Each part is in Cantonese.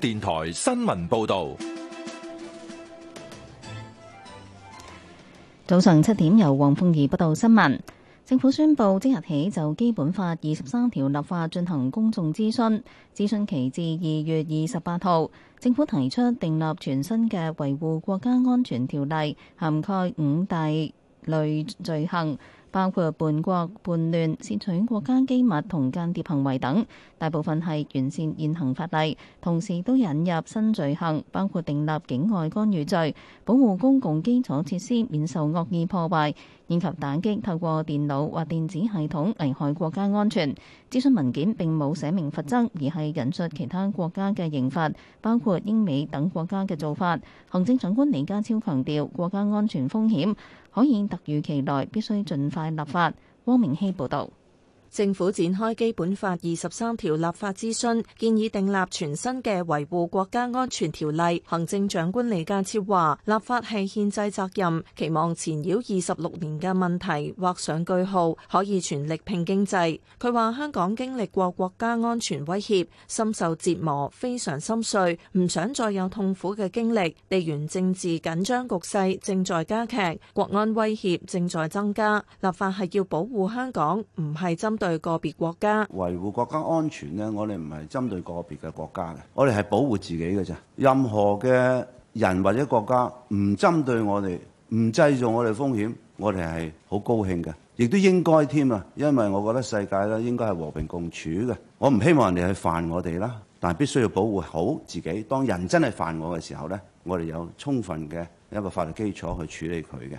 電台新聞報道：早上七點，由黃鳳儀報道新聞。政府宣布即日起就《基本法》二十三條立法進行公眾諮詢，諮詢期至二月二十八號。政府提出訂立全新嘅維護國家安全條例，涵蓋五大類罪行。包括叛國、叛亂、竊取國家機密同間諜行為等，大部分係完善現行法例，同時都引入新罪行，包括訂立境外干預罪，保護公共基礎設施免受惡意破壞。以及打擊透過電腦或電子系統危害國家安全。諮詢文件並冇寫明罰則，而係引述其他國家嘅刑罰，包括英美等國家嘅做法。行政長官李家超強調，國家安全風險可以突如其來，必須盡快立法。汪明希報導。政府展開《基本法》二十三條立法諮詢，建議訂立全新嘅維護國家安全條例。行政長官李家超話：立法係憲制責任，期望纏繞二十六年嘅問題畫上句號，可以全力拼經濟。佢話：香港經歷過國家安全威脅，深受折磨，非常心碎，唔想再有痛苦嘅經歷。地緣政治緊張局勢正在加劇，國安威脅正在增加。立法係要保護香港，唔係針對。對個別國家維護國家安全呢，我哋唔係針對個別嘅國家嘅，我哋係保護自己嘅啫。任何嘅人或者國家唔針對我哋，唔製造我哋風險，我哋係好高興嘅，亦都應該添啊。因為我覺得世界咧應該係和平共處嘅，我唔希望人哋去犯我哋啦，但係必須要保護好自己。當人真係犯我嘅時候呢，我哋有充分嘅一個法律基礎去處理佢嘅。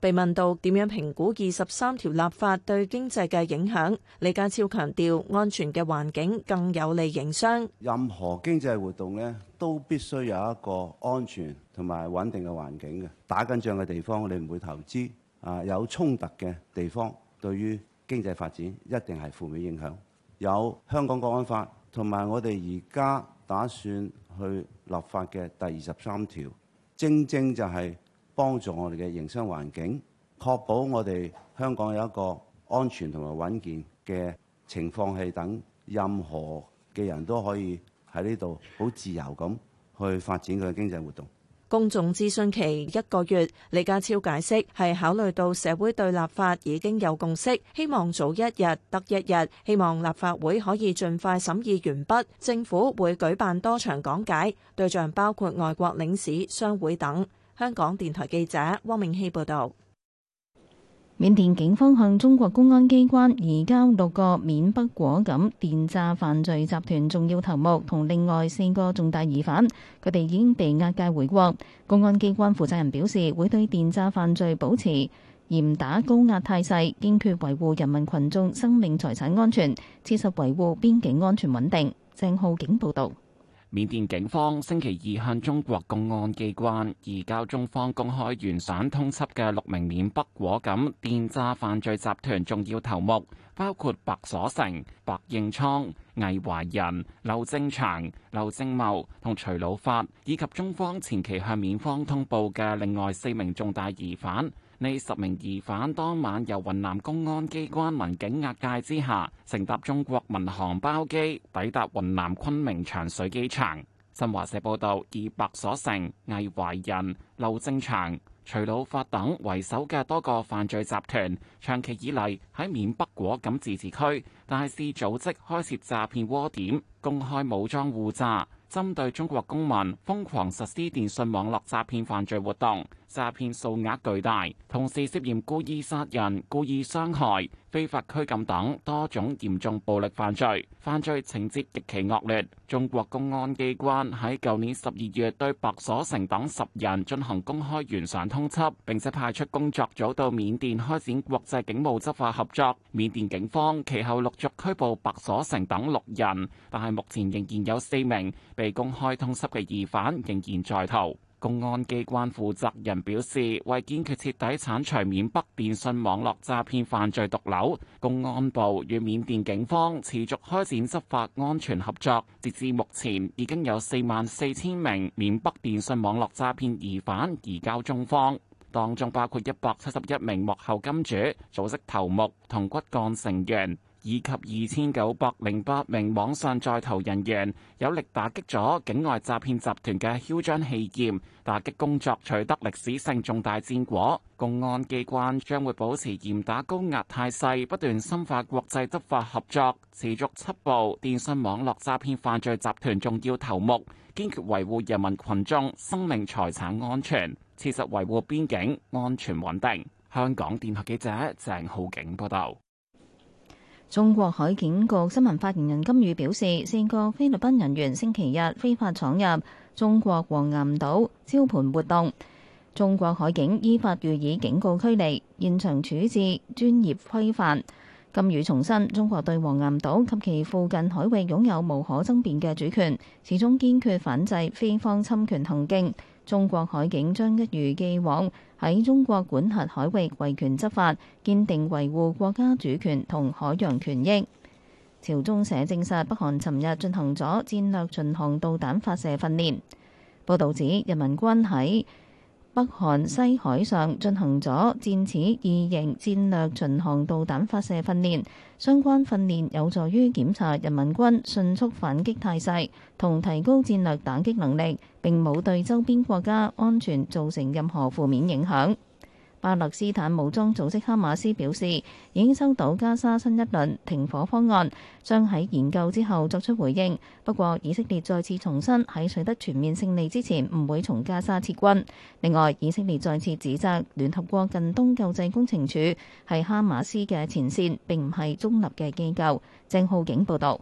被問到點樣評估二十三條立法對經濟嘅影響，李家超強調：安全嘅環境更有利營商。任何經濟活動咧，都必須有一個安全同埋穩定嘅環境嘅。打緊仗嘅地方，我哋唔會投資。啊，有衝突嘅地方，對於經濟發展一定係負面影響。有香港國安法同埋我哋而家打算去立法嘅第二十三條，正正就係、是，幫助我哋嘅營商環境，確保我哋香港有一個安全同埋穩健嘅情況，係等任何嘅人都可以喺呢度好自由咁去發展佢嘅經濟活動。公眾諮詢期一個月，李家超解釋係考慮到社會對立法已經有共識，希望早一日得一日，希望立法會可以盡快審議完畢。政府會舉辦多場講解，對象包括外國領事、商會等。香港電台記者汪明熙報道，緬甸警方向中國公安機關移交六個緬北果敢電詐犯罪集團重要頭目同另外四個重大疑犯，佢哋已經被押解回國。公安機關負責人表示，會對電詐犯罪保持嚴打高壓態勢，堅決維護人民群眾生命財產安全，切實維護邊境安全穩定。鄭浩景報道。緬甸警方星期二向中國公安機關移交中方公開懸賞通緝嘅六名緬北果敢電詐犯罪集團重要頭目，包括白所成、白應倉、魏懷仁、劉正祥、劉正茂同徐老發，以及中方前期向緬方通報嘅另外四名重大疑犯。呢十名疑犯當晚由雲南公安機關民警押解之下，乘搭中國民航包機抵達雲南昆明長水機場。新華社報道，以白所成、魏懷仁、劉正祥、徐老發等為首嘅多個犯罪集團長期以嚟喺緬北果敢自治區大肆組織開設詐騙窩點公開武裝護詐，針對中國公民瘋狂實施電信網絡詐騙犯罪活動。詐騙數額巨大，同時涉嫌故意殺人、故意傷害、非法拘禁等多種嚴重暴力犯罪，犯罪情節極其惡劣。中國公安機關喺舊年十二月對白所成等十人進行公開懸賞通緝，並且派出工作組到緬甸開展國際警務執法合作。緬甸警方其後陸續拘捕白所成等六人，但係目前仍然有四名被公開通緝嘅疑犯仍然在逃。公安機關負責人表示，為堅決徹底鏟除緬北電信網絡詐騙犯罪毒瘤，公安部與緬甸警方持續開展執法安全合作，截至目前已經有四萬四千名緬北電信網絡詐騙疑犯移交中方，當中包括一百七十一名幕後金主、組織頭目同骨幹成員。以及二千九百零八名網上在逃人員，有力打擊咗境外詐騙集團嘅囂張氣焰，打擊工作取得歷史性重大戰果。公安機關將會保持嚴打高壓態勢，不斷深化國際執法合作，持續緝捕電信網絡詐騙犯罪集團重要頭目，堅決維護人民群眾生命財產安全，切實維護邊境安全穩定。香港電台記者鄭浩景報道。中國海警局新聞發言人金宇表示，四個菲律賓人員星期日非法闖入中國黃岩島招盤活動，中國海警依法予以警告驅離，現場處置專業規範。金宇重申，中國對黃岩島及其附近海域擁有無可爭辯嘅主權，始終堅決反制菲方侵權行徑。中國海警將一如既往喺中國管轄海域維權執法，堅定維護國家主權同海洋權益。朝中社證實，北韓尋日進行咗戰略巡航導彈發射訓練。報導指，人民軍喺北韓西海上進行咗箭矢二型戰略巡航導彈發射訓練，相關訓練有助於檢查人民軍迅速反擊態勢，同提高戰略打擊能力，並冇對周邊國家安全造成任何負面影響。巴勒斯坦武裝組織哈馬斯表示，已經收到加沙新一輪停火方案，將喺研究之後作出回應。不過，以色列再次重申喺取得全面勝利之前，唔會從加沙撤軍。另外，以色列再次指責聯合國近東救濟工程處係哈馬斯嘅前線，並唔係中立嘅機構。鄭浩景報道。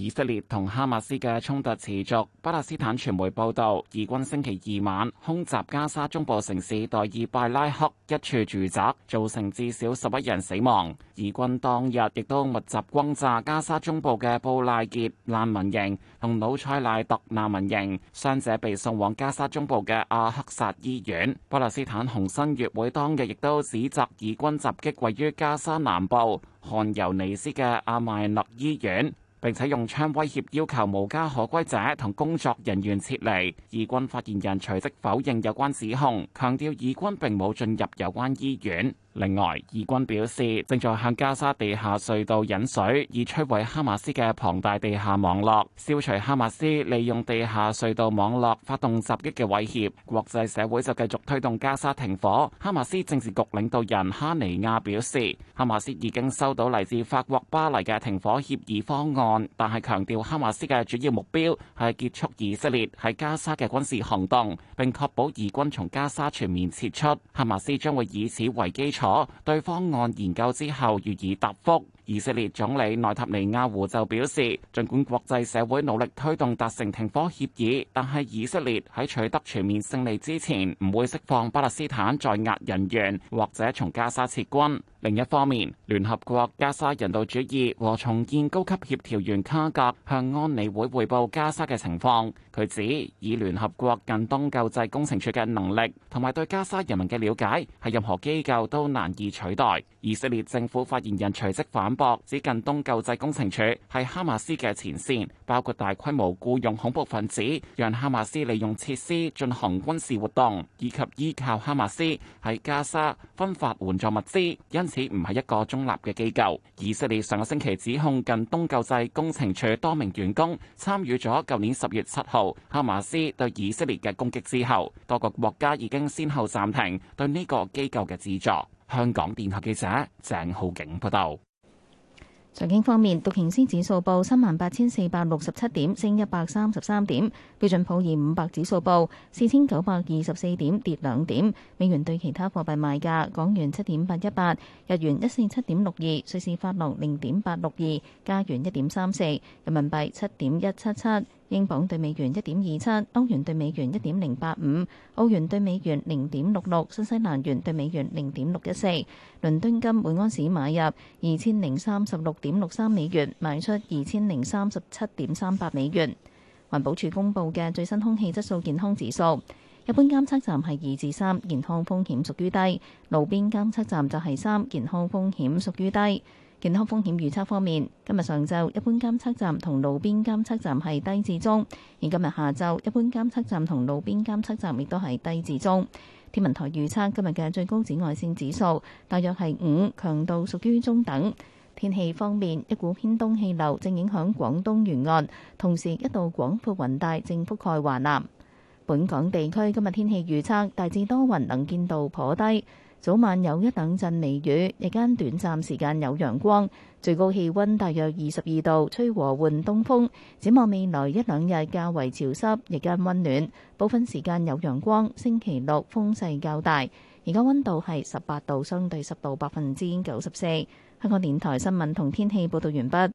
以色列同哈馬斯嘅衝突持續。巴勒斯坦傳媒報道，以軍星期二晚空襲加沙中部城市代爾拜拉克一處住宅，造成至少十一人死亡。以軍當日亦都密集轟炸加沙中部嘅布賴傑難民營同魯塞賴特難民營，傷者被送往加沙中部嘅阿克薩醫院。巴勒斯坦紅新月會當日亦都指責以軍襲擊位於加沙南部漢尤尼斯嘅阿邁勒醫院。並且用槍威脅要求無家可歸者同工作人員撤離。以軍發言人隨即否認有關指控，強調以軍並冇進入有關醫院。另外，以軍表示正在向加沙地下隧道引水，以摧毀哈馬斯嘅龐大地下網絡，消除哈馬斯利用地下隧道網絡發動襲擊嘅威脅，國際社會就繼續推動加沙停火。哈馬斯政治局領導人哈尼亞表示，哈馬斯已經收到嚟自法國巴黎嘅停火協議方案，但係強調哈馬斯嘅主要目標係結束以色列喺加沙嘅軍事行動，並確保以軍從加沙全面撤出。哈馬斯將會以此為基礎。對方案研究之後予以答覆。以色列總理內塔尼亞胡就表示，儘管國際社會努力推動達成停火協議，但係以色列喺取得全面勝利之前，唔會釋放巴勒斯坦在押人員或者從加沙撤軍。另一方面，聯合國加沙人道主義和重建高級協調員卡格向安理會匯報加沙嘅情況。佢指，以聯合國近東救濟工程處嘅能力同埋對加沙人民嘅了解，係任何機構都難以取代。以色列政府發言人隨即反博指近東救濟工程署係哈馬斯嘅前線，包括大規模僱傭恐怖分子，讓哈馬斯利用設施進行軍事活動，以及依靠哈馬斯喺加沙分發援助物資。因此，唔係一個中立嘅機構。以色列上個星期指控近東救濟工程署多名員工參與咗舊年十月七號哈馬斯對以色列嘅攻擊之後，多個國家已經先後暫停對呢個機構嘅資助。香港電台記者鄭浩景報道。財經方面，道瓊斯指數報三萬八千四百六十七點，升一百三十三點，標準普爾五百指數報四千九百二十四點，跌兩點，美元兌其他貨幣賣價，港元七點八一八，日元一四七點六二，瑞士法郎零點八六二，加元一點三四，人民幣七點一七七。英鎊對美元一點二七，歐元對美元一點零八五，澳元對美元零點六六，新西蘭元對美元零點六一四。倫敦金每安士買入二千零三十六點六三美元，賣出二千零三十七點三八美元。環保署公布嘅最新空氣質素健康指數，一般監測站係二至三，健康風險屬於低；路邊監測站就係三，健康風險屬於低。健康風險預測方面，今日上晝一般監測站同路邊監測站係低至中，而今日下晝一般監測站同路邊監測站亦都係低至中。天文台預測今日嘅最高紫外線指數大約係五，強度屬於中等。天氣方面，一股偏東氣流正影響廣東沿岸，同時一道廣闊雲帶正覆蓋華南。本港地區今日天，天氣預測大致多雲，能見度頗低。早晚有一兩陣微雨，日間短暫時間有陽光，最高氣溫大約二十二度，吹和緩東風。展望未來一兩日較為潮濕，日間溫暖，部分時間有陽光。星期六風勢較大，而家溫度係十八度，相對濕度百分之九十四。香港電台新聞同天氣報道完畢。